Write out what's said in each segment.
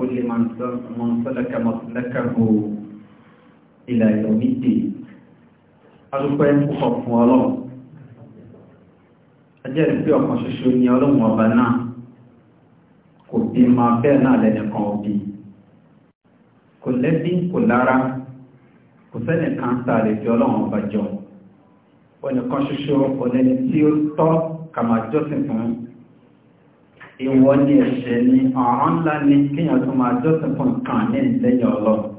كل من سلك مسلكه إلى يوم الدين adúpẹ́ púpọ̀ fún ọlọ́run ajẹ́rìí pé ọ̀kan ṣoṣo ni na ọba náà kò bí máa bẹ́ẹ̀ náà lẹ́nìkan òbí kò lẹ́bí kò lára kò sẹ́nìkan tá a lè fi ọlọ́run ọba jọ ọ̀nìkan ṣoṣo ọ̀nẹ́ni tí ó tọ́ kà máa jọ́sìn fún ìwọ ni ẹ̀ṣẹ̀ ni ọ̀rán ńlá ní kíyàn tó máa jọ́sìn fún nǹkan ní lẹ́yìn ọlọ́run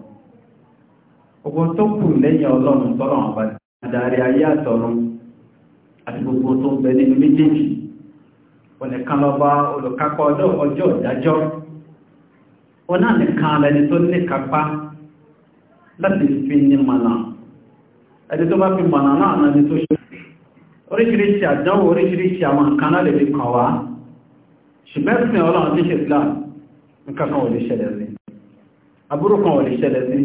gbogbo tó kù lẹ́yìn ọlọ́run tọ́lọ̀ ọba adarí ayé àtọ̀run àti gbogbo tó ń bẹ nínú méjèèjì onìkan lọ́ba olùkápá ọjọ́ ìdájọ́ ọ̀nà nìkan lẹni tó ní kápá láti fi ní mọ̀nà ẹni tó bá fi mọ̀nà náà náà ni tó ṣe oríṣiríṣi àdánwò oríṣiríṣi àwọn nǹkan náà lè fi kàn wá ṣùgbẹ́sìn ọlọ́run tí ṣe islam nǹkankan ò lè ṣẹlẹ̀ sí aburú kan ò lè ṣẹlẹ̀ sí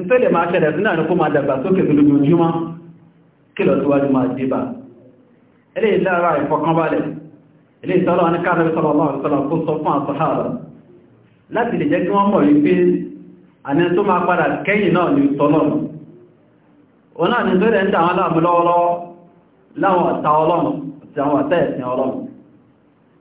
ń tẹ́lẹ̀ máa ṣẹlẹ̀ sí náà ní kó máa dàgbà sókè lójoojúmọ́ kí lọ síwájú máa dé bá ilé ìlara ìfọkànbalẹ̀ ilé ìtọ́lọ́ ní káàkiri sọ́lọ́lọ́ kó sọ fún àtọ́hàrọ̀ láti lè jẹ́ kí wọ́n mọ̀ wípé àní tó máa ọlọ́run àti àwọn ọ̀tá ẹ̀sìn ọlọ́run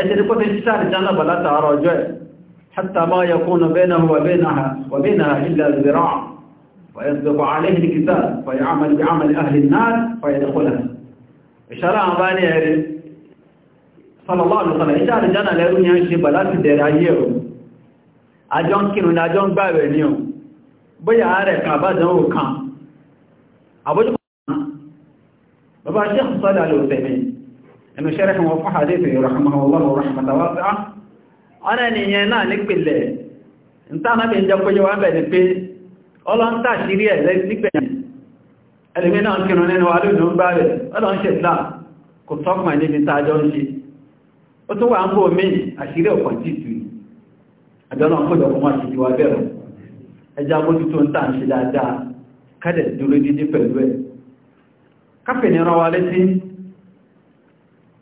ẹ̀tẹ̀rí kó fi ṣíṣà rí jánàbà látàárọ̀ ọjọ́ ẹ̀ hátà máa yẹ kún un bẹ́ẹ̀nà wà bẹ́ẹ̀nà ilẹ̀ zira fàyẹ̀sùgbọ̀ aléhìn kìtà fàyẹ̀ àmàlì bí àmàlì ahìlì náà fàyẹ̀ dẹ̀kọ́lá ìṣàrà àbá ní ẹ̀rí sallallahu alaihi wasallam ìṣàrà rí jánà lẹ́rú ni a ń ṣe bà láti dẹ̀rẹ̀ ayé o àjọ ń kírun ni àjọ ń gbààwẹ̀ ni o bóyá ààrẹ kan àbájánwò kan àbójúkọ̀ bàbá ṣe ń sọ́dà lóòfẹ́ mi inú ṣẹ́rẹ̀ wọn fún àdéfẹ̀ ìrọ̀hàmàwọ̀lọ́wọ̀ rọ̀hàmàtàwọ́sá ọ́nà ènìyàn náà nípìnlẹ̀ ìtànàbí ìjọpọ̀yẹ wọ́n bẹ̀rẹ̀ pé ọlọ́ntà sírí ẹ̀ nígbẹ̀yàn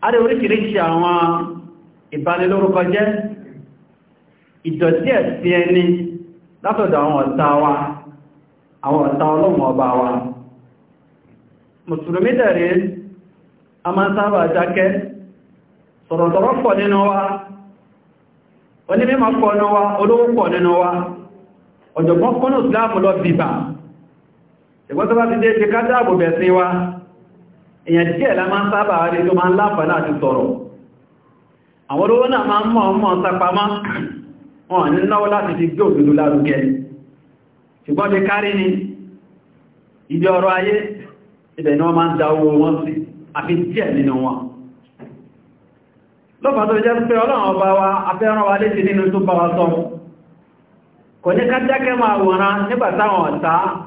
àrí oríṣìíríṣìí àwọn ìbanilórúkọ jẹ́ ìdọ̀tí ẹ̀sí ẹni látọ̀dọ̀ àwọn ọ̀ta wa àwọn ọ̀ta ọlọ́mọ wa mùsùlùmí dẹ̀rẹ̀ a máa sábà dákẹ́ sọ̀rọ̀sọ̀rọ̀ pọ̀ nínú wa onímọ̀ wa èyàn díẹ̀ la máa ń sábà rí tó máa ń láfàá láti tọrọ àwọn olówó náà máa ń mọ́ ọmọ sápamá wọn ní náwó láti fi gbé òdúdú lárugẹ ṣùgbọ́n ti kárí ni ibi ọrọ̀ ayé ibẹ̀ ni wọ́n máa ń da owó wọn sí àfi díẹ̀ nínú wọn lọ́pàá tó jẹ́ pé ọlọ́run ọba wa afẹ́ràn wa léṣe nínú wa sọ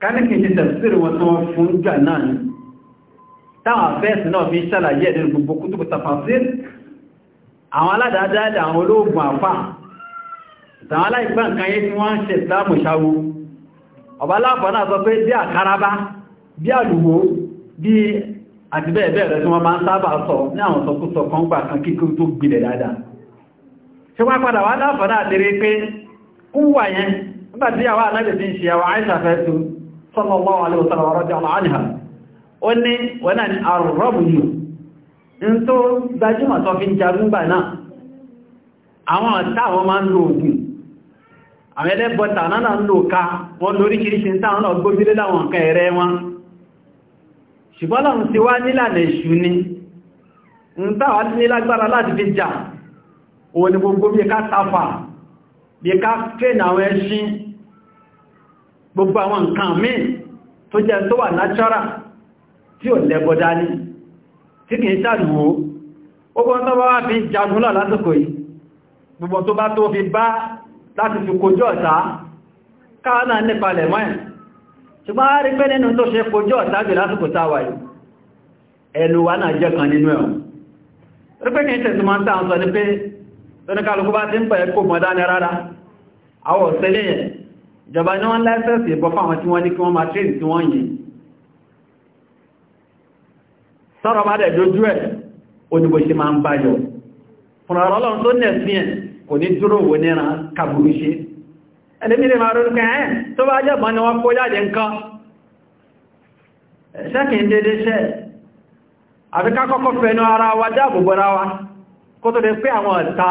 káníkì ṣe tẹ̀síri wọn tí wọ́n fún gbà náà ni táwọn àfẹ́ẹ̀sì náà fi ṣàlàyé ẹ̀dẹ̀ gbogbo kútùkù tafasir àwọn aládàádáàdà àwọn olóògùn àfà ìtàwọn aláìgbà nǹkan yé tí wọ́n ń ṣe ìsìlámù ṣáwó ọba láàpọ̀ náà sọ pé bí àkárabá bí àlùwò bí àti bẹ́ẹ̀ bẹ́ẹ̀ rẹ̀ tí wọ́n máa ń sábà sọ ní àwọn sọkúsọ kan sallallahu alaihi wasallam radiyallahu anha ó ní wọ́n náà ni arọ́bùyù ń tó gbajúmọ̀ tó fi ń jagun gbà náà àwọn táwọn máa ń lo ògùn àwọn ẹlẹ́bọ̀ta náà ń lò ká wọn lóríṣiríṣi táwọn náà gbójúlé láwọn nǹkan ẹ̀rẹ́ wọn ṣùgbọ́n lọ́run ti wá nílànà ń táwà tí gbogbo àwọn nǹkan míì tó jẹ́ tó wà náṣọ́rà tí ò lẹ́bọ̀ dání tí kìí sàdùwò ogun tó bá wá fi jagun lọ lásìkò yìí gbogbo tó bá tó fi bá láti fi kojú ọ̀tá káàlà nípalẹ̀ mọ́ẹ̀ ṣùgbọ́n a rí pé nínú tó ṣe kojú ọ̀tá jù lásìkò táwà ìjọba ní wọ́n láìsẹ̀sì ìbọn fáwọn tí wọ́n ní kí wọ́n máa tírì tí wọ́n yìí sọ́rọ̀ bá dẹ̀ lójú ẹ̀ oníbò ṣe máa ń báyọ̀ fúnrarọ́lọ́run tó nẹ̀ sí ẹ̀ kò ní dúró wò ní ẹran kàbùrú ṣe ẹlẹ́mílẹ̀ máa rọ́rùn kẹ́ ẹ̀ tó bá ni kó jáde tó pé àwọn ọ̀tá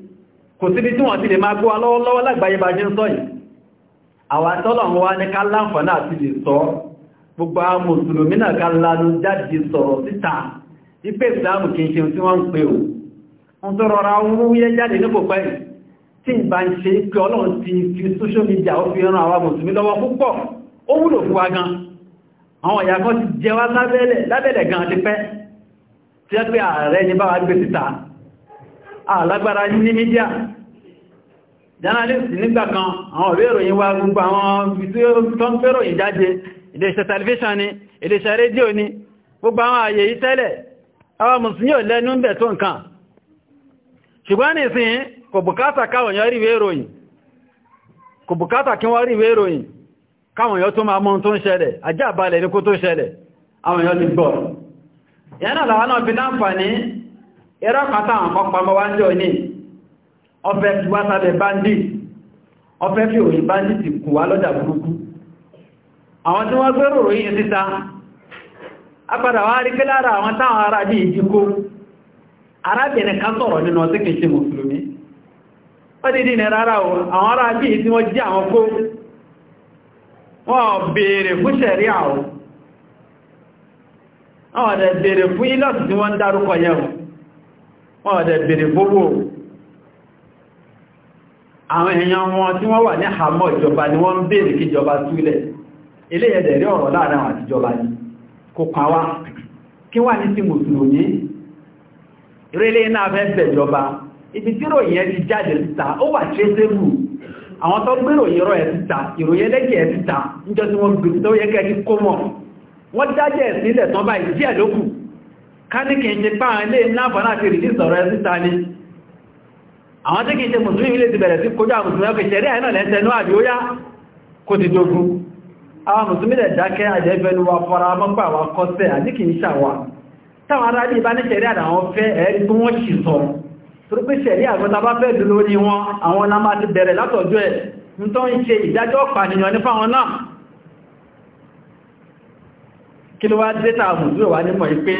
kò síbi tí wọ́n ti lè máa gbọ́ lọ́wọ́lọ́wọ́ lágbàáyé bá jẹ́ ń sọ yìí àwọn atọ́lọ̀wọ́ wá ní ká láǹfààní àti lè sọ gbogbo àwọn mùsùlùmí náà ká lánú jáde sọ̀rọ̀ síta wípé ìsìláàmù kìí ṣe tí wọ́n ń pè ò ń tọrọ ra wúwúyẹ́ jáde ní pẹ́ tí ìbá social media ó fi ran àwọn mùsùlùmí lọ́wọ́ púpọ̀ ó wúlò fún wa gan àwọn ìyà kan ti jẹ wá lábẹ́lẹ̀ gan ààrẹ ni bá wa gbé síta alágbára ní mídíà journalist nígbà kan àwọn ọ̀rẹ́ ìròyìn wa gbogbo àwọn tó ń fẹ́ròyìn jáde iléeṣẹ́ television ni iléeṣẹ́ rédíò ni gbogbo àwọn àyè yìí tẹ́lẹ̀ àwọn musulmi ò lẹ́nu bẹ̀ tó nǹkan ṣùgbọ́n nìsìn ní kó tó ṣẹlẹ̀ àwọn yọ ẹ̀rọ kàtà àwọn pàmọ́ wá ń jọ ní ọfẹ́ fi wá sábẹ̀ bandit ọfẹ́ fi òyìn bandit kù wá lọ́jà burúkú àwọn tí wọ́n gbẹ́rò ròyìn síta apadà wá rí pé lára àwọn táwọn ará bí ìjíkó arábìnrin kan sọ̀rọ̀ nínú ọtí kìí ṣe mùsùlùmí àwọn ọ̀dẹ̀ bèèrè fún ilọ́sì tí wọ́n ń wọ́n ọ̀dẹ̀ bèèrè gbogbo àwọn èèyàn wọn tí wọ́n wà ní àmọ́ ìjọba ni wọ́n ń bèèrè kí ìjọba túlẹ̀ ilé ẹ̀dẹ̀ rí ọ̀rọ̀ láàrin àwọn àtijọba ni kò pa wá kí wà ní sí mùsùlùmí wọ́n tán báyìí díẹ̀ káníkì ń jẹ páà ilé lábàá láti rí sọ̀rọ̀ ẹ̀ síta ní àwọn tí kìí ṣe mùsùlùmí ilé ti bẹ̀rẹ̀ sí kójú àmùsùlùmí ọkẹ̀ ṣẹ̀rí àìnà lẹ́tẹ̀ẹ́nú àbí ó yá kò ti dogun àwọn mùsùlùmí lẹ̀ dákẹ́ àjẹ́bẹ̀nu wa fọ́ra mọ́pàá wa kọ́sẹ̀ àti kìí ṣàwà táwọn ará ní ìbá ní sọ̀rọ̀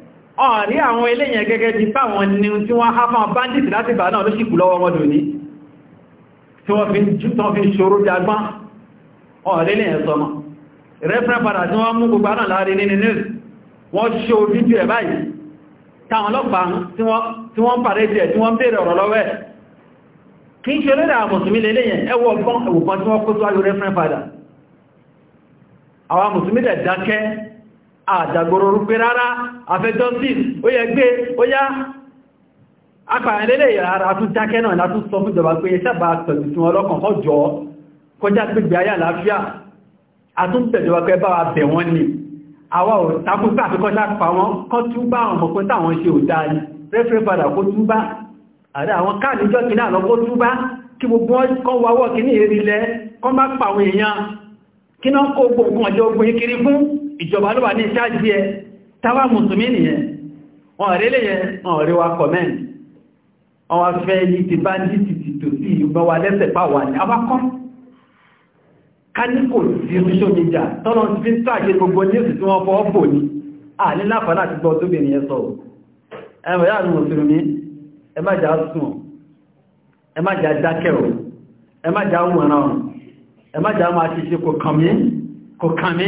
ọ̀rí àwọn eléyìn gẹ́gẹ́ ti fáwọn ní tí wọ́n há fáwọn bandit láti bà náà ló sì kù lọ́wọ́ wọn lóní tí wọ́n fi ṣòro jagbọ́n ọ̀rí lè sọmọ̀ rẹ́fẹ́ padà tí wọ́n mú gbogbo náà láàrin nínú news wọ́n ṣe fídíò ẹ̀ báyìí táwọn ọlọ́pàá tí wọ́n pàdé jẹ́ tí wọ́n bèèrè ọ̀rọ̀ lọ́wẹ́ kí ṣe lórí àwọn mùsùlùmí àdàgbòrò rúgbé rárá afẹ́ justice ó yẹ gbé ó yá apàrẹ̀lẹ́lẹ̀ ìrara tún dákẹ́ náà látún sọ fún ìjọba pé ẹsẹ́bà pẹ̀lú tí wọn lọ́kàn kọ́ jọ kọjá gbígbé ayé àlàáfíà àtúntẹ̀jọba pẹ́ bá wa bẹ̀ wọ́n ni àwa ò takúgbà fi kọjá pa wọn kọ́ túbá àwọn ọmọkùn táwọn ṣe ò dáa ni rẹ́fẹ́ padà kó túbá ìjọba ló wà ní ìṣáàjí ẹ tàwà mùsùlùmí nìyẹn wọ́n rí lè yẹn wọ́n rí wa kọ̀mẹ́n wọ́n fẹ́ yí ti bá ní tìtìtò sí ìgbọ́n wa lẹ́sẹ̀ pà wà ní awakọ́ káníkò sí oṣó níjà tọ́lọ ti fi ń tààjẹ gbogbo ní èsì tí wọ́n fọ́ ọ́pò ní à ní láfà láti gbọ́ tó bèèrè yẹn sọ̀rọ̀ ẹwọ̀ yà ní mùsùlùmí ẹ má jà sùn ẹ má jà kò kàn mí kò kàn mí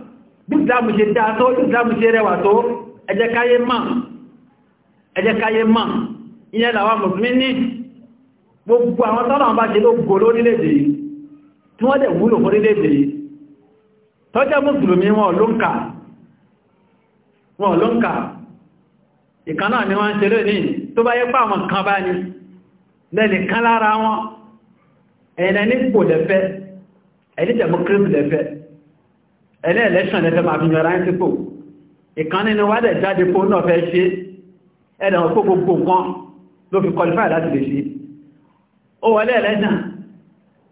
bí ìsìlámù ṣe dáa tó ìsìlámù ṣe rẹwà tó ẹ jẹ́ káyé mọ̀ ẹ jẹ́ káyé mọ̀ ìyẹn làwọn mùsùlùmí ní gbogbo àwọn tọ́lọ̀ bá ṣe ló gbò lórílẹ̀-èdè tí wọ́n dẹ̀ wúlò fórílẹ̀-èdè tọ́jẹ́ mùsùlùmí wọn ló ń kà ni wọ́n ń ṣe lónìí tó bá yẹ pé àwọn lẹ́fẹ́ ẹ̀yẹn ní lẹ́fẹ́ ẹlẹ́ election lẹ́fẹ́ máa fi yọra ń sípò ìkan nínú wà dẹ̀ jáde fún náà fẹ́ ṣe ẹ̀dẹ̀ ọ̀pọ̀ gbogbo nǹkan ló fi qualify láti lè ṣe ó wọlé election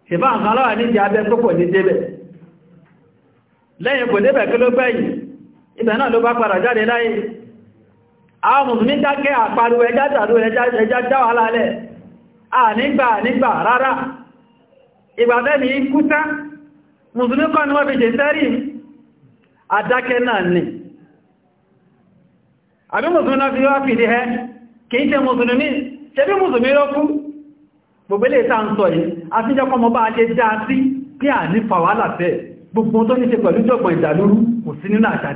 ṣèbá nǹkan lọ́wà ní ìjà abẹ́ púpọ̀ ní débẹ̀ lẹ́yìn kò débẹ̀ kí ló gbẹ̀yìn ibẹ̀ náà ló bá padà jáde kúta mùsùlùmí kọ́ ni wọ́n fi ṣe sẹ́rìn adákẹ́ náà ni àbí mùsùlùmí náà fi wá fìdí ẹ́ kì í ṣe mùsùlùmí ṣe bí mùsùlùmí ló kú gbogbolé ìta ń sọ yìí a fi jẹ́ kọmọ bá ajé já sí pí à ní fàwálà fẹ́ gbogbo tó ní ṣe pẹ̀lú jọ̀gbọ̀n ìdàlúrú kò sí nínú àṣà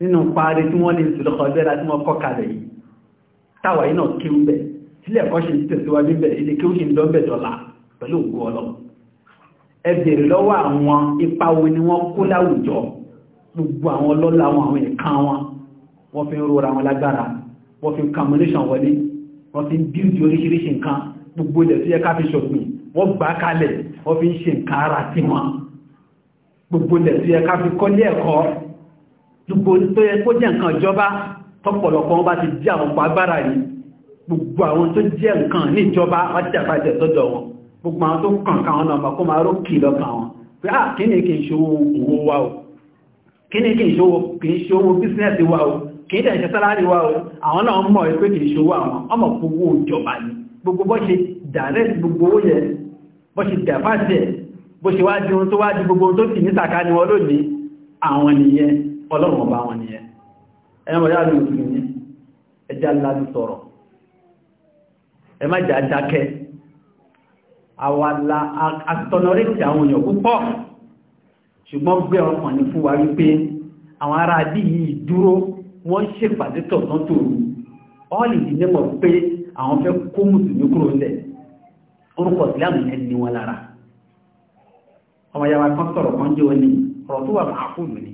nínú parí tí wọ́n lè ìtùlọ́kọ̀ bẹ́ra tí wọ́n kọ́ yìí táwà iná kí ń bẹ̀ sílẹ̀ ẹ̀kọ́ ṣe ń tẹ̀síwájú bẹ̀ ilé kí ó ṣe ń dọ́bẹ̀ dọ́là pẹ̀lú ògùn ọlọ́ ẹ bèèrè lọ́wọ́ àwọn ipa wo ni wọ́n kó láwùjọ gbogbo àwọn ọlọ́lá wọn àwọn ẹ̀kan wọn wọ́n fi ń rora wọn lágbára wọ́n fi ń combination wọlé wọ́n fi ń build oríṣiríṣi nǹkan gbogbo ilẹ̀ tó yẹ ká fi ṣọ̀gbìn wọ́n gbà kalẹ̀ wọ́n fi ń ṣe nǹkan ara tiwọn gbogbo ilẹ̀ tó yẹ ká fi kọ́lé ẹ̀kọ́ gbogbo tó yẹ kó jẹ́ nǹkan ìjọba tọ́pọ̀lọpọ̀ wọn bá ti jẹ́ àwọn agbára yìí gbogbo àwọn tó jẹ́ nǹkan ní ìjọba wọ́n ti àbájẹ̀ sọ́dọ̀ wọn gbogbo àwọn tó kàn káwọn náà kó máa rókì lọ́kàn wọn pé à ah, kí ni kì wa o kí ni kì í ṣòwò kì í ṣòwò wa o kì í dẹ̀ wa àwọn nìyẹn ọlọ́run ọba wọn nìyẹn ẹ̀yàn bọ̀ yára lóòtù ní ẹjá láti sọ̀rọ̀ ẹ má jà dákẹ́ àwàlá àtọ̀nọ̀rẹ́tì àwọn èèyàn púpọ̀ ṣùgbọ́n gbé ọkàn ní fún wa wípé àwọn ará adí yìí dúró wọ́n ń ṣèpàdé tọ̀tán tòru ọ́ọ̀lì ìdílẹ́mọ̀ pé àwọn fẹ́ kó mùsùlùmí kúrò lẹ̀ orúkọ ìsìlámù yẹn ni wọn lára ọmọ yàrá kan sọ̀rọ̀ kan jẹ́ òní ọ̀rọ̀ tó wà máa kúlù ni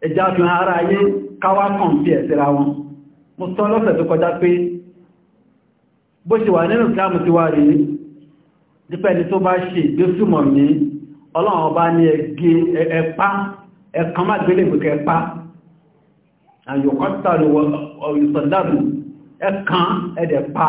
ẹjá fi ara ayé káwá kàn fi ẹ̀sẹ̀ra wọn mo sọ lọ́sẹ̀ tó kọjá pé bó ṣe wà nínú islam ti wá rí nípẹ́ni tó bá ṣe ìgbésùmọ̀ ní ọlọ́run ọba ní ẹ̀pá ẹ̀kan má gbélé ìgbèkẹ́ ẹ̀pá àyọ̀kọ́tàlù ọ̀yọ̀sọ̀dàbù ẹ̀kan ẹ̀dẹ̀pá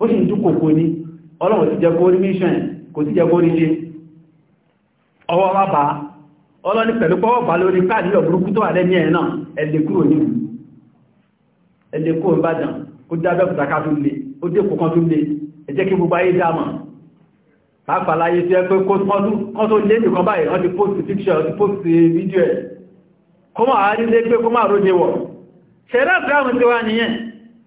ó sì ń dúkò kò ní ọlọ́wọ̀ ti jẹ́kó orí mission kò sí jẹ́kó orí ṣe ọwọ́ wá bá ọlọ́ni pẹ̀lú pọ́wọ́ bá lórí káàdì ọ̀bùrúkú tó wà lẹ́ni ẹ̀ náà ẹ̀lẹ́ kúrò ní ẹ̀lẹ́ kó ń bàdàn ó dábẹ́ kùtàkà tó lè ó dé kò kan tó lè ẹ̀jẹ́ kí gbogbo ayé dámọ̀ pàápàá láyé tó ẹgbẹ́ kó tó lé nìkan báyìí wọ́n ti post picture ti post video ẹ̀ kó máa rí lé pé kó máa róje wọ̀ ṣẹ̀rẹ́ àbúrámù ti wá nìyẹn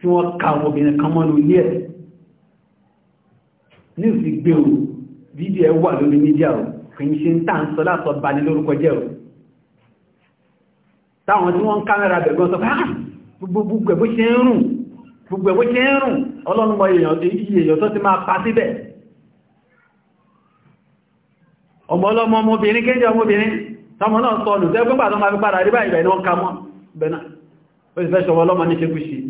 tí wọ́n ka obìnrin kan mọ́ ilé ẹ̀ ní ìsì gbé o fídíò ẹ wà lórí mídíà o kì í ṣe ń tà ń sọ látọ̀ bani lórúkọ jẹ́ o táwọn tí wọ́n ń kámẹ́rà bẹ̀gbọ́n sọ pé ah, gbogbo ẹ̀bó ṣe ń rùn gbogbo ẹ̀bó ọlọ́run mọ èèyàn tó ti máa pa síbẹ̀ ọmọ ọlọ́mọ ọmọbìnrin kéjì ọmọbìnrin tọmọ náà sọ ọlùsẹ́gbẹ́gbà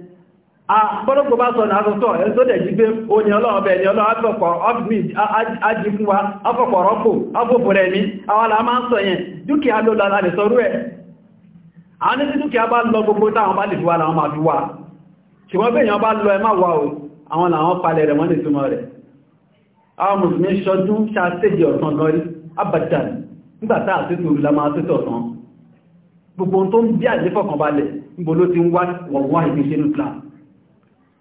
bọ́lọ́pọ̀ bá sọ náà sọ ẹ̀ tó dẹ̀ jí pé o ní ọlọ́ọ̀bẹ̀ ni ọlọ́ọ̀bẹ̀ ṣùgbọ́n bí èèyàn bá lọ ẹ máa wà ó àwọn làwọn palẹ̀ rẹ̀ wọ́n lè túnmọ̀ rẹ̀ àwọn mùsùlùmí ṣọdún ṣàtẹ́jì ọ̀tàn lọ́rí abadan nígbàtà àtútù lámà àtútù ọ̀tàn gbogbo tó ń bí àjẹ́fọ̀kànbalẹ̀ níbo ló ti ń wá wọ̀wọ́ ìgbésẹ̀ nìkan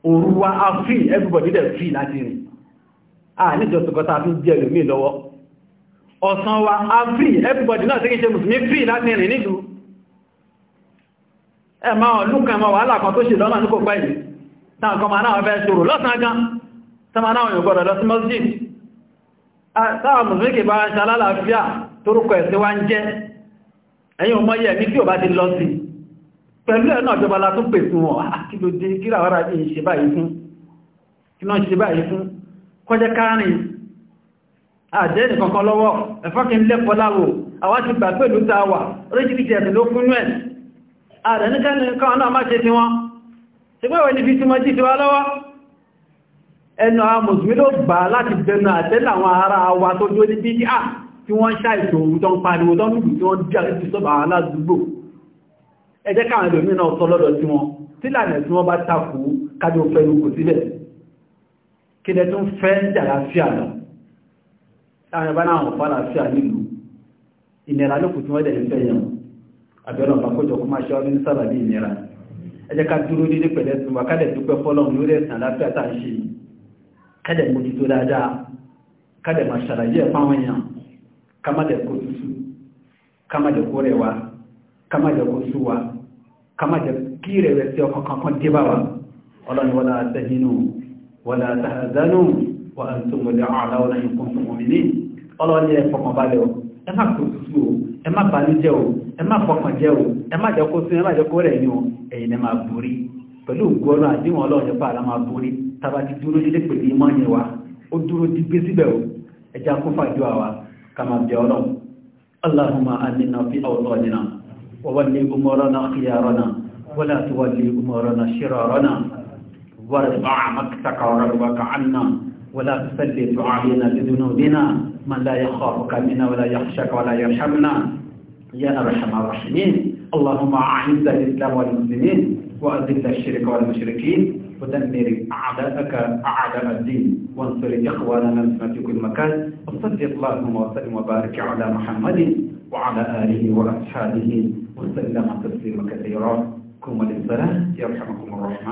òruwa a free everybody dey free láti rìn a níjọ fi jẹ́ lómi lọ́wọ́ ọ̀sán wa a free everybody náà tẹ́kí ṣe mùsùlùmí free láti rìn nílùú ẹ ma ọ̀lú kan ma wàhálà kan tó ṣe lọ́nà ní kan ma náà fẹ́ ṣòro lọ́sàn gan pẹ̀lú ẹ̀nà ìjọba la tún pè fún wọn àti ah, ló dé kí ràwárà ní ìṣe báyìí fún kí náà ṣe báyìí fún kọjẹ́ káàrin àjẹ́ nìkankan lọ́wọ́ ẹ̀fọ́kí lẹ́pọ̀ láwò àwa gbà pẹ̀lú tàwà oríṣìíríṣìí ẹ̀sìn ló kún ni fi túnmọ́ jí ti wá lọ́wọ́ ẹnu àwọn mùsùlùmí ló wa tó dúró ní bídíà tí ah, wọ́n ṣàìsòrò tó ń pariwo tó ń lùgbù tí ẹjẹ́ káwọn ẹlòmí náà sọ lọ́dọ̀ sí wọn tí lànà tí wọ́n bá takú kájọ fẹ́rú kò sílẹ̀ kí lẹ tún fẹ́ ń jà láfíà lọ láàrin bá náà fà láfíà nílùú ìnira lókù tí wọ́n dẹ̀ ń fẹ́ yẹn àbẹ̀rẹ̀ ọ̀pá kójọ kó máa ṣe ọdún ní sábàbí ìnira ẹjẹ́ ká dúró nílé pẹ̀lẹ́ kama jẹ kí ìrẹ̀wẹ̀sì ọkàn kankan dé bá wa ọlọ́ni wala tahinu wala tahzanu wa antum al-a'launa in kuntum mu'minin ọlọ́ni ẹ fọkàn balẹ̀ o ẹ má kó tutù o ẹ má banújẹ́ o ẹ má fọkàn jẹ́ o ẹ má jẹ́ kó sún ẹ má jẹ́ kó rẹ̀ ní o ẹ̀yin fàájú àwa kà máa ọlọ́run Allahumma àdínà fi àwòrán ọ̀dínà وولي أمورنا خيارنا ولا تولي أمورنا شرارنا وارفع مكتك ربك عنا ولا تسلط علينا بذنوبنا من لا يخافك منا ولا يخشك ولا يرحمنا يا أرحم الراحمين اللهم أعز الإسلام والمسلمين وأذل الشرك والمشركين ودمر أعداءك أعداء الدين وانصر إخواننا في كل مكان وصدق اللهم وسلم وبارك على محمد وعلى آله وأصحابه وسلم تسليما كثيرا قوموا للصلاة يرحمكم الرحمن